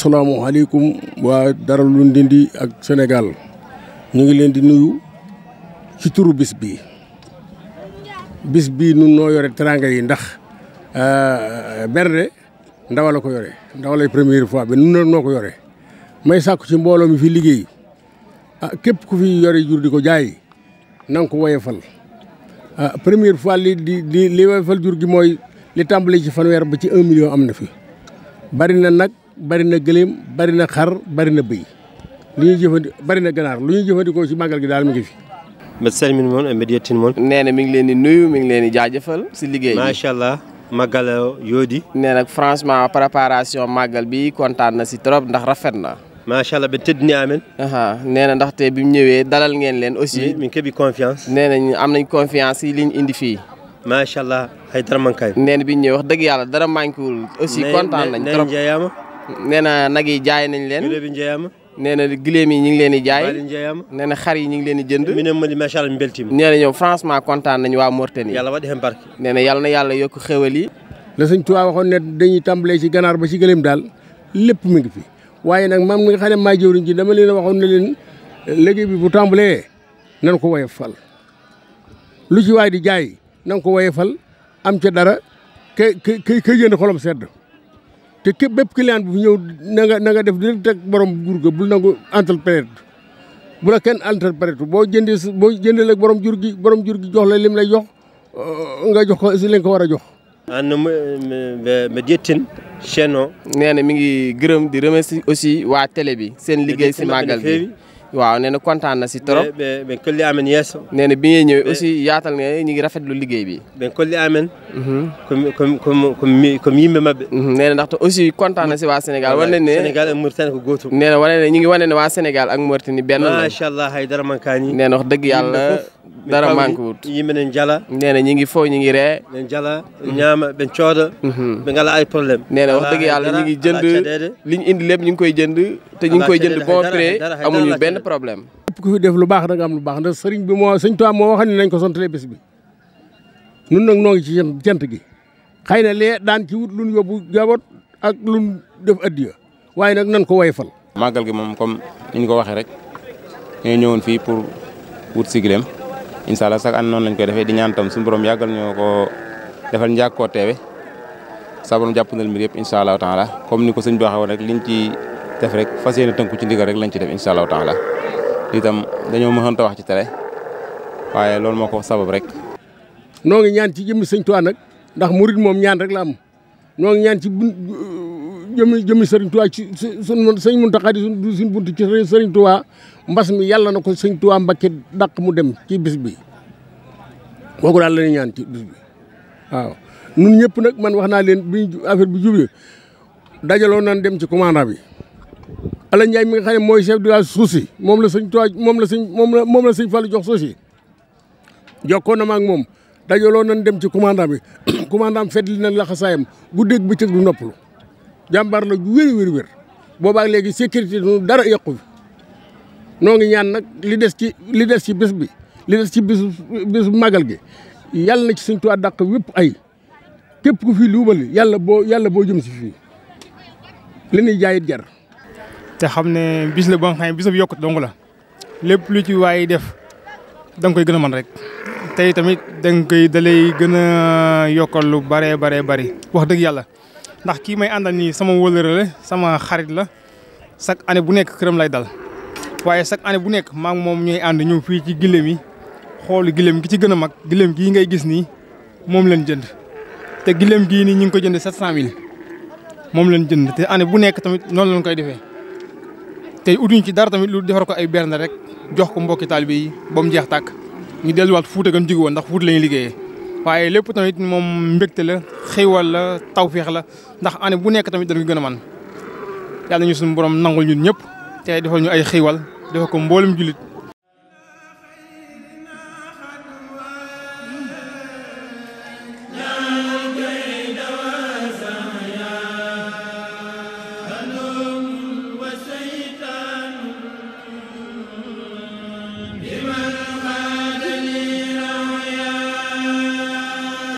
salaamu asalaamualeykum waa Dara lu Ndindi ak Sénégal ñu ngi leen di nuyu ci turu bis bi bis bii nun noo yore teranga yi ndax euh, bernde ndaw la ko yore ndaw lay première fois bi nun noo ko yore may sàkku ci mbooloo mi fi liggéey a ah, képp ku fi yore jur di ko jaay na nga ko woyefal ah fois li di li woyefal jur gi mooy li tàmbali ci fanweer ba ci un million am na fi bari na nag bari na gëléem bari na xar bari na bëy lu ñuy jëfandikoo bari na ganaar lu ñuy jëfandikoo ci màggal gi daal mi ngi fi. mbét seen min moon mbét yettin moon nee na mi ngi leen di nuyu mi ngi leen di jaajëfal si liggéey bi macha allah màggal yoodi nee nag franchement préparation màggal bi kontaan na si trop ndax rafet na macha allah ba tëdd ni amen nee na ndaxte bi mu ñëwee dalal ngeen leen aussi mi ngi kébi confiance nee nañ am nañ confiance yi liñ indi fii macha allah ay dara mankaay nee bi ñu wax dëgg yàlla dara manquewul aussi nee na nag yi jaay nañ leen. gileem yi njeyam. nee na gileem yi ñu ngi leen di jaay. baali njeyam. nee na xar yi ñu ngi leen di jënd. mi ne ma di macha allah mi beltim. nee na ñoom franchement kontaan nañu waa Mauritanie. yàlla waññi barke. na yàlla yokk xéwal yi. la tu Tuubaa waxoon ne dañuy tàmbalee ci ganaar ba ci gëleem daal lépp mi ngi fi waaye nag man mi nga xam ne maa jëwriñ ji dama leen waxoon ne leen liggéey bi bu tàmbalee nan ko woye fal lu ci waay di jaay nan ko woye fal am ca dara ka ka ka jënd xolam sedd te képp bépp client bu ñëw na nga na nga def direct ak borom jur bu bul nangu entrepreneur bu la kenn entrepreneur boo jëndee boo jëndee ak borom jur gi borom jur gi jox la lim lay jox euh, nga jox ko si li ko war a jox. ànd mu Médiatine Chenon. nee na mi ngi gërëm di remercier aussi waa télé bi seen liggéey si màggal bi. waaw nee na kontaan na si trop ɓe ɓen kolli amen yeeso nee na bi ngeen ñëwee aussi yaatal nga ñu ngi rafetlu liggéey bi ɓen kolli amen komi komi komi komi yimɓe maɓɓe nee na ndaxte aussi kontaan na si waa Sénégal wane ne Sénégal ak Mauritanie ko gootum nee na wane ne ñu ngi wane ne waa Sénégal ak Mauritanie benn la macha allah haydara man kaani nee na wax dëgg yàlla dara manqué wut yimɓenen jala nene ñi ngi fo ñi ngi ree ɓen jala ñaama ɓen cooda ɓe mhm. ngala ay probléme nene wax dëgg yàlla ñi ngi jënd li ñu indi lépp ñu ngi koy jënd te ñu ngi koy jënd a prix amuñu benn problème képp ku def lu baax da nga am lu baax ndax sëriñ bi moo sëñ Tuubaa moo waxoon ne nañ ko sontale bi nun nag noo ngi ci jant gi xëy na lee daan ci wut lu ñu yóbbu jaboot ak lu def addiya waaye nag nan ko wayfal màggal gi moom kom ñu ngi ko waxee rek ñoo ñëwoon fii pour wut sigileem incha allah sax an noonu lañ koy defee di ñaan tam suñu borom yàggal ñoo ko defal njàkk koo teewe sa borom jàppandal mbir yëpp incha allahu taala comme ni ko sëñ bi waxee woon rek liñ ci def rek fas yéene tënku ci ndigal rek lañ ci def incha allahu taala lii tam dañoo mënta wax ci télé waaye loolu moo ko sabab rek. noo ñaan ci jëmmi sëñ Tuubaa nag ndax murit moom ñaan rek la am noo ñaan ci jëmi jëmi Serigne Touba ci suñ sëñ Mountakha di sun bunt ci Serigne Touba mbas mi yàlla na ko sëñ Touba Mbacké dàq mu dem ci bis bi kooku daal la ñuy ñaan ci bis bi waaw nun ñëpp nag man wax len leen bi affaire bi jubee dajaloo naan dem ci commandant bi Alla Ndiaye mi nga xam ne mooy chef du village suuf si moom la sëñ Touba moom la sëñ moom la moom la sëñ Fallou jox suuf si jokkoon na ma ak moom dajaloo nan dem ci commandant bi commandant fedd li na laxasaayam guddeeg bëccëg du noppalu jàmbaar la wér wér wér boobaak léegi sécurité noonu dara yokku fi noo ngi ñaan nag li des ci li des ci bés bi li des ci bésu bésu màggal gi yàlla na ci suñ tuwaa dàq ay képp ku fi luubali yàlla boo yàlla boo jëm si fii li ñuy jaayit jar te xam ne bis la ba nga xam ne bisab yokkut dong la lépp lu ci waaye def da koy gën a mën rek tey tamit da nga koy dalay gën a yokkal lu baree baree bari wax dëgg yàlla ndax kii may àndal nii sama wëllëre sama xarit la chaque année bu nekk këram lay dal waaye chaque année bu nekk maam moom ñooy ànd ñëw fii ci gilem yi xool gilem gi ci gën a mag gilem gii ngay gis nii moom leen jënd te gilem gii nii ñu ngi ko jënd 700000 moom leen jënd te année bu nekk tamit noonu lañ koy defee te utuñ ci dara tamit lu defar ko ay berne rek jox ko mbokki taalibe yi ba jeex tàkk ñu delluwaat Fuuta gën jóge woon ndax Fuuta lañuy liggéeye waaye lépp tamit moom mbégte la xéewal la tawféex la ndax année bu nekk tamit dañ ko gën a man yàlla ñu suñu borom nangul ñun ñëpp te defal ñu ay xéewal defal ko mboolum jullit